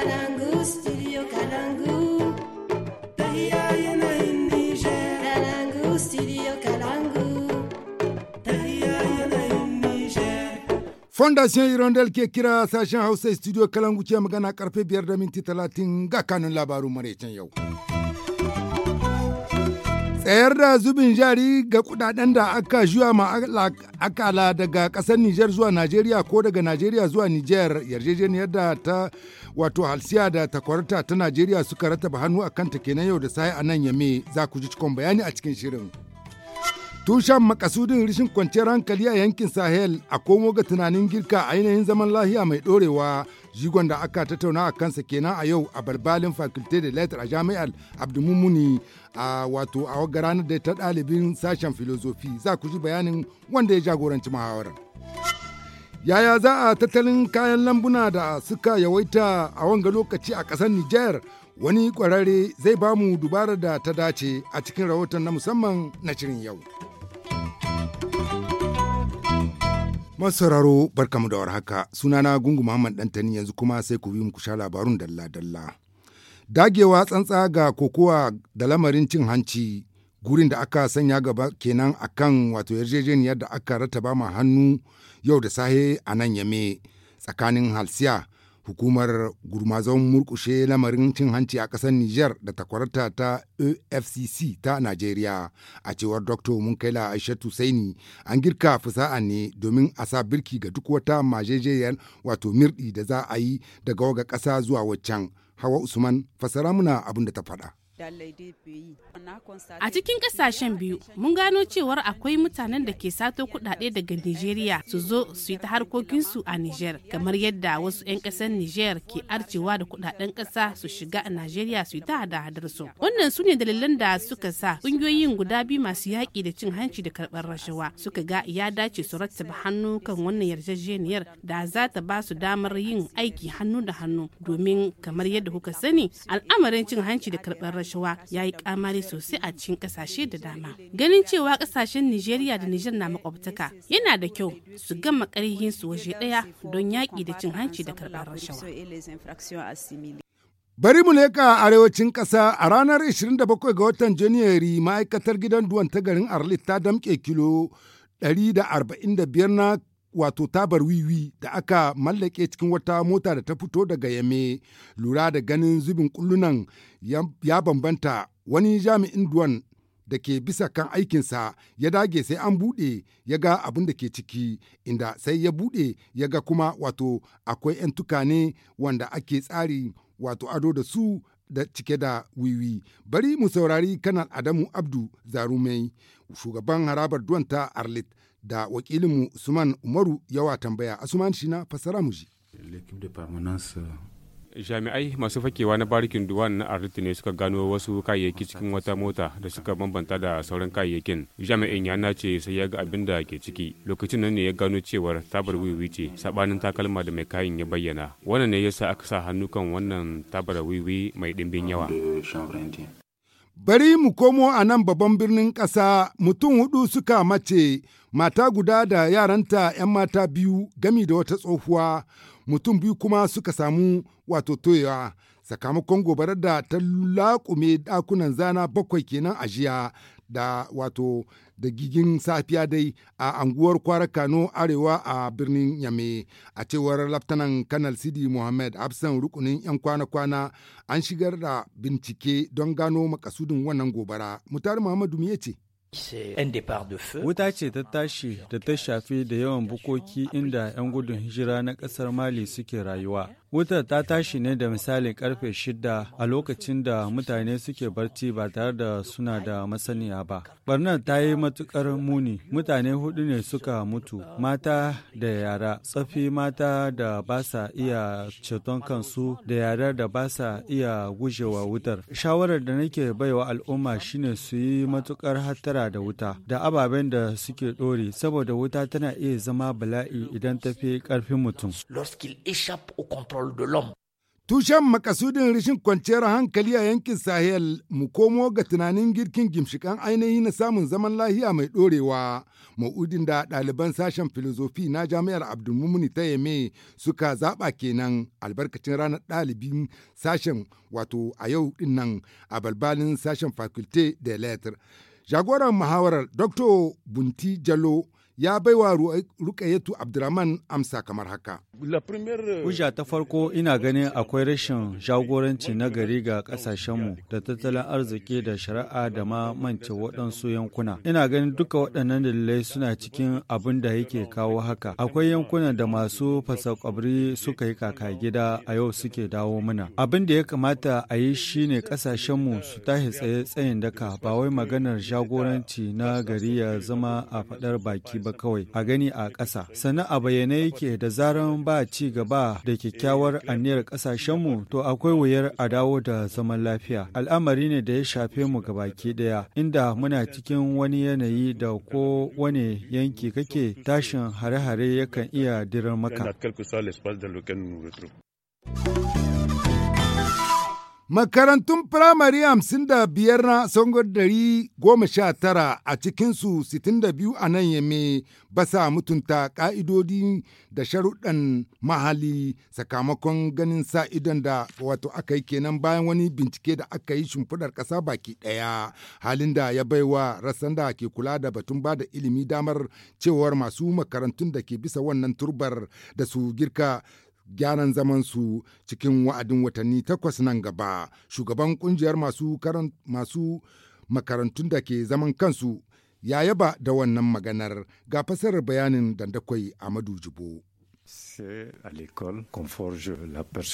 Kalangu, studio Kalangu. Tahia yana in Niger. Kalangu, studio Kalangu. Tahia yana in Niger. Fondation Hirondel ke kira sashen Hausa studio Kalangu ce magana karfe biyar da minti ga kanun labaru maraicen yau. Kayar da zubin jari ga kudaden da aka juya ma akala daga kasar Nijar zuwa Najeriya ko daga Najeriya zuwa Nijar yarjejeniyar da ta wato halsiya da takwarta ta Najeriya suka rataba hannu a kanta kenan yau da sai a nan yame za ku ji cikon bayani a cikin shirin. Tushen makasudin rishin kwanciyar hankali a yankin Sahel a komo ga tunanin girka ainihin zaman lahiya mai ɗorewa jigon da aka tattauna a kansa kenan a yau a balbalin fakulte da letter a jami'ar abdulmumuni a wato a wagga ranar da ta ɗalibin sashen filozofi za ku ji bayanin wanda ya jagoranci muhawarar yaya za a tattalin kayan lambuna da suka yawaita a wanga lokaci a ƙasar nijar wani ƙwararre zai ba mu dubarar da ta dace a cikin rahoton na musamman na shirin yau. barka barkamu da warhaka sunana Gungu Muhammad Dantani yanzu kuma sai ku bi mu sha labarun dalla-dalla. Dagewa tsantsa ga kokowa da lamarin cin hanci gurin da aka sanya gaba kenan akan wato yarjejeniyar da aka rataba ma hannu yau da sahe a nan yame tsakanin halsiya Hukumar gurmazon murkushe lamarin cin hanci a ƙasar Nijar da takwarta ta AFCC ta Najeriya a cewar Dr. Munkaila Aishatu Saini an girka fusa'a ne domin a sa birki ga duk wata majejeyar wato mirɗi da za a yi daga waga ƙasa zuwa waccan. Hawa Usman fasara muna abin da ta faɗa. A cikin kasashen biyu, mun gano cewar akwai mutanen da ke sato kudade daga Nijeriya su zo su yi ta harkokinsu a nijer kamar yadda wasu 'yan ƙasar nijer ke arcewa da kudaden kasa su shiga a Najeriya su yi ta hada-hadar su. Wannan su ne dalilan da suka sa ƙungiyoyin guda biyu masu yaƙi da cin hanci da karɓar rashawa suka ga ya dace su rattaba hannu kan wannan yarjejeniyar da za ta ba su damar yin aiki hannu da hannu domin kamar yadda kuka sani al'amarin cin hanci da karɓar rashawa rashawa ya yi kamari sosai a cikin kasashe da dama ganin cewa kasashen nijeriya da niger na makwabtaka yana da kyau su gama karhin su waje daya don yaƙi da cin hanci da karɓar rashawa Bari mu leka arewacin ƙasa a ranar 27 ga watan Janairu ma'aikatar gidan duwan ta garin Arlit ta damƙe kilo 145 na wato tabar wiwi da aka mallake cikin wata mota da ta fito daga yame lura da ganin zubin kullunan ya bambanta wani jami'in duwan da ke bisa kan aikinsa ya dage sai an buɗe ya ga abin da ke ciki inda sai ya buɗe ya ga kuma wato akwai 'yan tukane wanda ake tsari wato ado da su da cike da wiwi bari mu saurari kanal adamu abdu zarumai shugaban harabar duwanta arlit da wakilinmu Usman Umaru yawa tambaya. Asuman shi na fassara mu shi. Euh, jami'ai masu fakewa na barikin duwan na arziki ne suka gano wasu kayayyaki cikin wata mota da suka bambanta da sauran kayayyakin jami'in ya nace sai ya ga abin da ke ciki lokacin nan ne ya gano cewar tabar wiwi ce sabanin takalma da mai kayan ya bayyana wannan ne ya sa aka sa hannu kan wannan tabar wiwi mai dimbin yawa Bari mu komo a nan babban birnin ƙasa mutum hudu suka mace, mata guda da yaranta 'yan mata biyu gami da wata tsohuwa, mutum biyu kuma suka samu wato toyewa. Sakamakon gobarar da ta laƙume ɗakunan zana bakwai kenan a jiya da wato da gigin safiya dai a anguwar kwara kano arewa a birnin yame a cewar laftanan kanal sidi muhammad absan rukunin 'yan kwana-kwana an shigar da bincike don gano makasudin wannan gobara mutar muhammadu me ce Wuta ce ta tashi da ta shafi da yawan bukoki inda 'yan gudun hijira na ƙasar Mali suke rayuwa. Wutar ta tashi ne da misalin karfe shida a lokacin da mutane suke barci ba tare da suna da masaniya ba. Barnar ta yi matukar muni, mutane hudu ne suka mutu, mata da yara, tsafi mata da ba sa iya ceton kansu da yara da ba sa iya gujewa wutar. Shawarar da nake baiwa al'umma shine su yi matukar hattara da wuta, da ababen da suke ɗori, saboda wuta tana iya zama bala'i idan ta fi ƙarfin mutum. parole de Tushen makasudin rashin kwanciyar hankali a yankin Sahel mu komo ga tunanin girkin gimshikan ainihi na samun zaman lahiya mai ɗorewa, ma'udin da ɗaliban sashen filozofi na jami'ar Abdulmumuni ta Yeme suka zaɓa kenan albarkacin ranar ɗalibin sashen wato a yau ɗin a balbalin sashen faculté da lettres. Jagoran muhawarar Dr. Bunti Jalo ya baiwa Rukayatu Abdurrahman amsa kamar haka. wuja euh, ta farko ina ganin akwai rashin jagoranci na gari ga kasashenmu da tattalin arziki da shari'a da ma mance waɗansu yankuna. Ina ganin duka waɗannan dalilai suna cikin abin da yake kawo haka. Akwai yankuna da masu fasakwabri suka yi kaka gida a yau suke dawo mana. Abin da ya kamata a yi shi ne kasashenmu su tashi tsaye tsayin daka ba wai maganar jagoranci na gari ya zama a faɗar baki ba ba kawai a gani a ƙasa sannan a bayyane yake da zaran ba ci gaba da kyakkyawar aniyar ƙasashenmu to akwai wuyar a dawo da zaman lafiya al'amari ne da ya shafe mu ga baki ɗaya inda muna cikin wani yanayi da ko wani yanki kake tashin hare-hare yakan iya dirar maka. Makarantun firamare hamsin da biyar na sangon dari goma sha tara a cikinsu sittin da biyu a nan yame ba sa mutunta ƙa'idodi da sharuɗan mahali sakamakon ganin sa idon da wato aka yi kenan bayan wani bincike da aka yi shimfiɗar ƙasa baki ɗaya halin da ya baiwa rassan da ke kula da batun ba da ilimi damar cewar masu makarantun da ke bisa wannan turbar da su girka gyaran zamansu cikin wa'adin watanni takwas nan gaba shugaban kungiyar masu, masu makarantun da ke zaman kansu ya yaba da wannan maganar ga fasarar bayanin dandakwai amadu jibo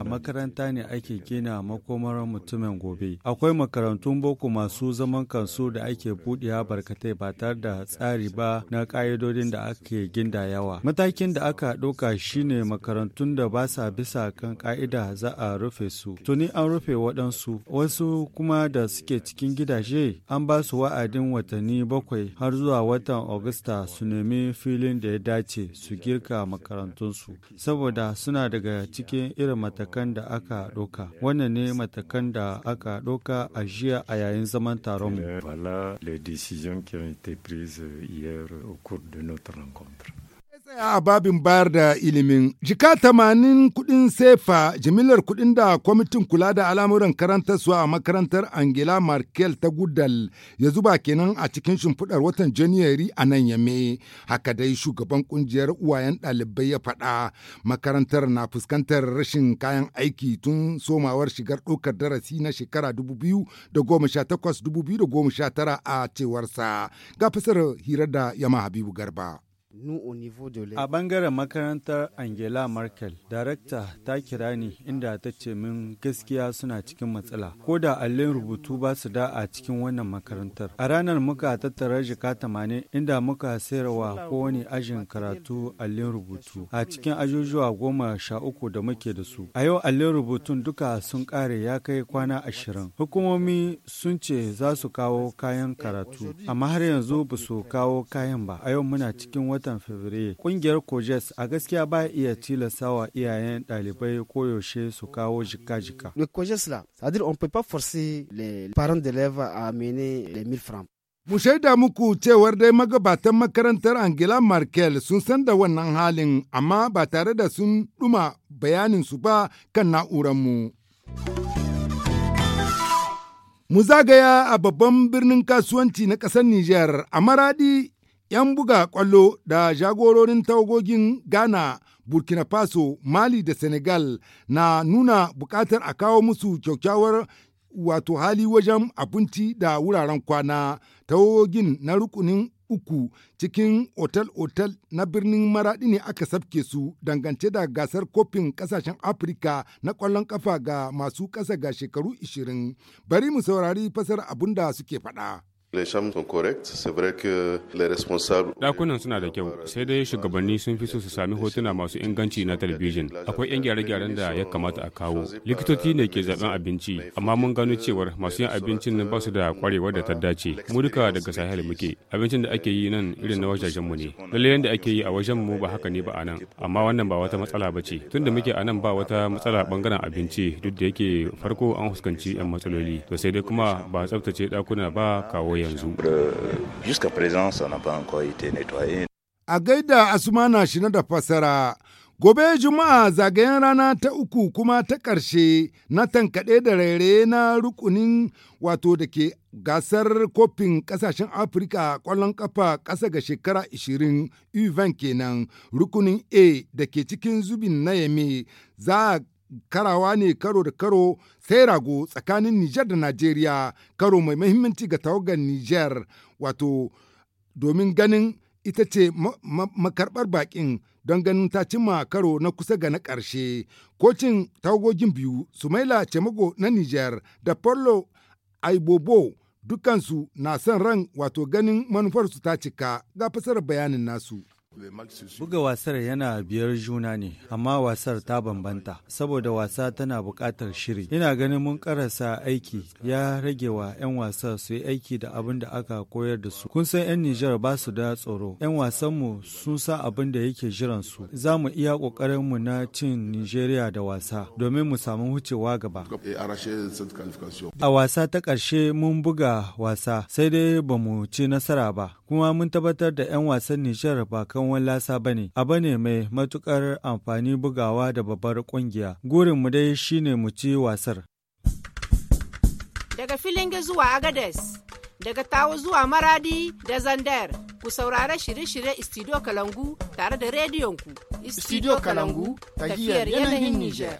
A makaranta ne ake gina makomar mutumin gobe. Akwai makarantun boko masu zaman kansu da ake buɗewa barkatai ba tare da tsari ba na ƙa'idodin da ake ginda yawa Matakin da aka ɗauka shine makarantun da ba sa bisa kan ƙa'ida za a rufe su. Tuni an rufe waɗansu, wasu kuma da suke cikin gidaje an ba su wa'adin watanni bakwai har zuwa watan Agusta su nemi filin da ya dace su girka makarantunsu. saboda suna daga cikin irin matakan da aka ɗauka. Wannan ne matakan da aka ɗauka a jiya a yayin zaman taron mu. tsaya a babin bayar da ilimin. Jika tamanin kuɗin sefa jimillar kuɗin da kwamitin kula da al'amuran karantarsu a makarantar Angela Merkel ta Gudal ya zuba kenan a cikin shimfiɗar watan Janairu a nan yame. Haka dai shugaban ƙungiyar uwayen ɗalibai ya faɗa makarantar na fuskantar rashin kayan aiki tun somawar shigar ɗaukar darasi na shekara 2018-2019 a cewarsa. Ga fasar hirar da Yama Habibu Garba. A bangaren makarantar Angela Merkel, darakta ta kira ni inda ta ce min gaskiya suna cikin matsala. Ko da allin rubutu ba su da a cikin wannan makarantar. A ranar muka tattara jika tamanin inda muka sayarwa kowane ajin karatu allin rubutu a cikin ajujuwa goma sha uku da muke da su. A yau allin rubutun duka sun kare ya kai kwana ashirin. Hukumomi sun ce za su kawo kayan karatu, amma har yanzu ba su kawo kayan ba. A yau muna cikin wata watan Fabrairu. Kungiyar Kojes a gaskiya ba iya tilastawa iyayen dalibai koyaushe su kawo jika-jika. Le Kojes la, Mu shaida muku cewar dai magabatan makarantar Angela Merkel sun san da wannan halin amma ba tare da sun ɗuma su ba kan na'uranmu. Mu zagaya a babban birnin kasuwanci na ƙasar Nijar a maradi 'Yan buga kwallo da jagororin tawagogin Ghana, Burkina Faso, Mali da Senegal na nuna buƙatar a kawo musu kyakkyawar wato hali wajen abinci da wuraren kwana. Tawagogin na rukunin uku cikin otal-otal na birnin Maraɗi ne aka sabke su dangance da gasar kofin ƙasashen Afirka na ƙwallon ƙafa ga masu ƙasa ga shekaru 20. Bari mu saurari fasar abun da suke faɗa. Dakunan suna da kyau, sai dai shugabanni sun fi so su sami hotuna masu inganci na talabijin. Akwai 'yan gyare-gyaren da ya kamata a kawo. Likitoci ne ke zaben abinci, amma mun gano cewar masu yin abincin nan ba su da kwarewar da ta dace. Mu duka daga sahel muke. Abincin da ake yi nan irin na wajajen mu ne. Lallai yadda ake yi a wajen mu ba haka ne ba a nan, amma wannan ba wata matsala ba ce. tun da muke a nan ba wata matsala bangaren abinci duk da yake farko an fuskanci 'yan matsaloli. To sai dai kuma ba tsaftace dakuna ba kawo yanzu. Euh, a gaida Asumana shi na da fasara, gobe Juma'a zagayen rana ta uku kuma ta ƙarshe na tankaɗe da raire na rukunin wato da ke gasar kofin ƙasashen Afirka ƙwallon ƙafa ƙasa ga shekara 20 Uvan kenan rukunin A da ke cikin zubin na yame za a karawa ne karo da karo sai rago tsakanin Nijar da Najeriya karo mai mahimmanci ga tawagar Nijar wato domin ganin ita ce makarbar bakin don ganin ta cimma karo na kusa ga na ƙarshe. Kocin tawagogin biyu Sumaila Cemago na Nijar da Paulo Aibobo dukansu na son ran wato ganin manufarsu ta cika ga fasarar bayanin nasu. Buga wasar yana biyar juna ne, amma wasar ta bambanta, saboda wasa tana bukatar shiri. Ina ganin mun karasa aiki ya rage wa 'yan wasa su yi aiki da abin da aka koyar da su. Kun san 'yan Nijar ba su da tsoro, 'yan wasanmu sun sa abin da yake jiran su. Za mu iya ƙoƙarinmu na cin Nijeriya da wasa, domin mu samu wucewa gaba. A wasa ta ƙarshe mun buga wasa, sai dai ba mu ci nasara ba, kuma mun tabbatar da 'yan wasan Nijar ba kanwan lasa ba ne, abu ne mai matukar amfani bugawa da babbar ƙungiya. mu dai shine mu ci wasar. Daga Filinge zuwa Agades, daga Tawo zuwa Maradi da Zandar, ku saurara shirye-shirye Studio Kalangu tare da rediyonku. Studio Kalangu, tafiyar yanayin Nijar.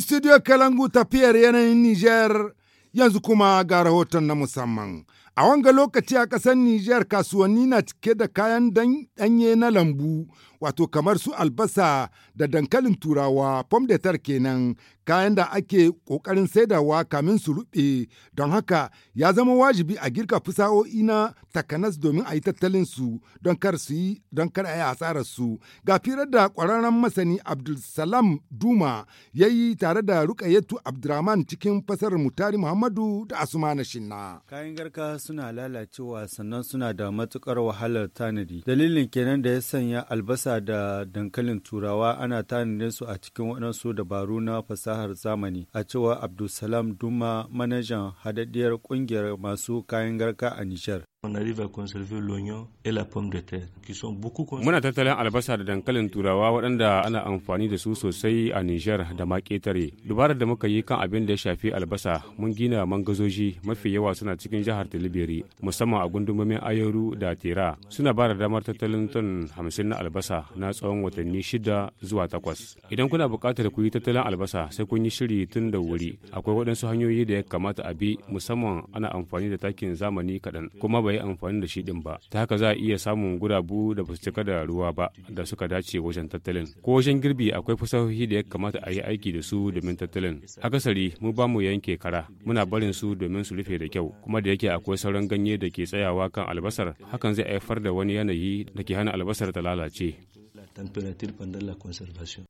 Studio Kalangu tafiyar yanayin Nijar yanzu kuma ga rahoton na musamman. A wanga lokaci a ƙasar Nijar kasuwanni na cike da kayan danye na lambu, wato kamar su albasa da dankalin turawa, fom de tar kenan, kayan da ake ƙoƙarin saidawa kamin su ruɓe don haka ya zama wajibi a girka fusa'o'i na takanas domin a yi tattalin su don kar su yi don kar a yi hasarar su ga firar da ƙwararren masani abdulsalam duma ya yi tare da rukayetu abdulrahman cikin fasarar mutari muhammadu da asumana shinna kayan garka suna lalacewa sannan suna da matukar wahalar tanadi dalilin kenan da ya sanya albasa da dankalin turawa ana tanadin su a cikin waɗansu dabaru na fasaha fasahar zamani a cewa Abdulsalam Duma manajan hadaddiyar kungiyar masu kayan garka a Nijar. On arrive à conserver l'oignon et la pomme de terre qui sont beaucoup Muna tattalin albasa da dankalin turawa waɗanda ana amfani da su sosai a Nijar da ma ƙetare. Dubarar da muka yi kan abin da ya shafi albasa mun gina mangazoji mafi yawa suna cikin jihar Tilibiri musamman a gundumomin Ayoru da Tera suna ba da damar tattalin ton hamsin na albasa na tsawon watanni shida zuwa takwas. Idan kuna buƙatar ku yi tattalin albasa sai kun yi shiri tun da wuri. Akwai waɗansu hanyoyi da ya kamata a bi musamman ana amfani da takin zamani kaɗan kuma bai yi amfani da shi din ba ta haka za a iya samun gurabu da ba su cika da ruwa ba da suka dace wajen tattalin ko wajen girbi akwai fasahohi da ya kamata a yi aiki da su domin tattalin akasari mu ba mu yanke kara muna barin su domin su rufe da kyau kuma da yake akwai sauran ganye da ke tsayawa kan albasar hakan zai haifar da wani yanayi da ke hana albasar ta lalace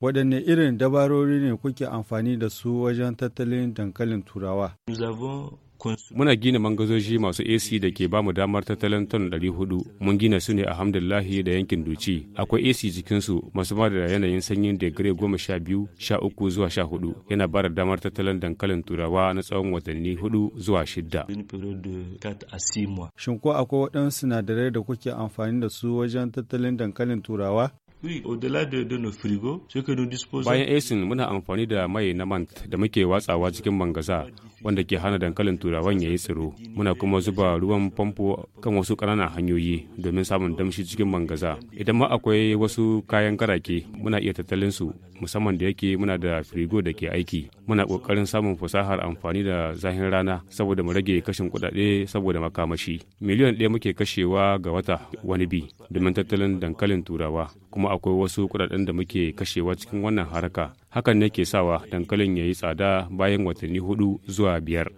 waɗanne irin dabarori ne kuke amfani da su wajen tattalin dankalin turawa Muna gina mangazoji masu AC da ke bamu damar tattalin ton 400. Mun gina su ne a hamdullahi da yankin Duci. Akwai AC jikinsu masu ba da yanayin sanyin degree goma sha biyu, sha uku zuwa sha hudu. Yana ba da damar tattalin dankalin turawa na tsawon watanni hudu zuwa shidda. Shin ko akwai waɗansu sinadarai da kuke amfani da su wajen tattalin dankalin turawa? Bayan esin muna amfani da mai na mant da muke watsawa cikin mangaza wanda ke hana dankalin turawan ya yi tsiro. Muna kuma zuba ruwan famfo kan wasu ƙananan hanyoyi domin samun damshi cikin mangaza. Idan ma akwai wasu kayan karake muna iya tattalin su musamman da yake muna da firigo da ke aiki. Muna ƙoƙarin samun fasahar amfani da zahin rana saboda mu rage kashin kuɗaɗe saboda makamashi. Miliyan ɗaya muke kashewa ga wata wani bi domin tattalin dankalin turawa kuma akwai wasu kudaden da muke kashewa cikin wannan haraka hakan ne ke sawa dankalin ya yi tsada bayan watanni hudu zuwa biyar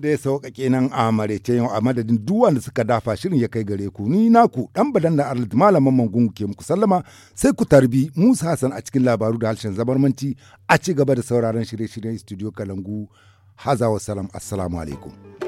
da ya sauƙaƙe nan a maraice yau a madadin duk da suka dafa shirin ya kai gare ku ni naku dan badan da arziki malaman mangun ke muku sallama sai ku tarbi musa hassan a cikin labaru da harshen zabarmanci a ci gaba da sauraron shirye-shiryen studio kalangu hazawa salam assalamu alaikum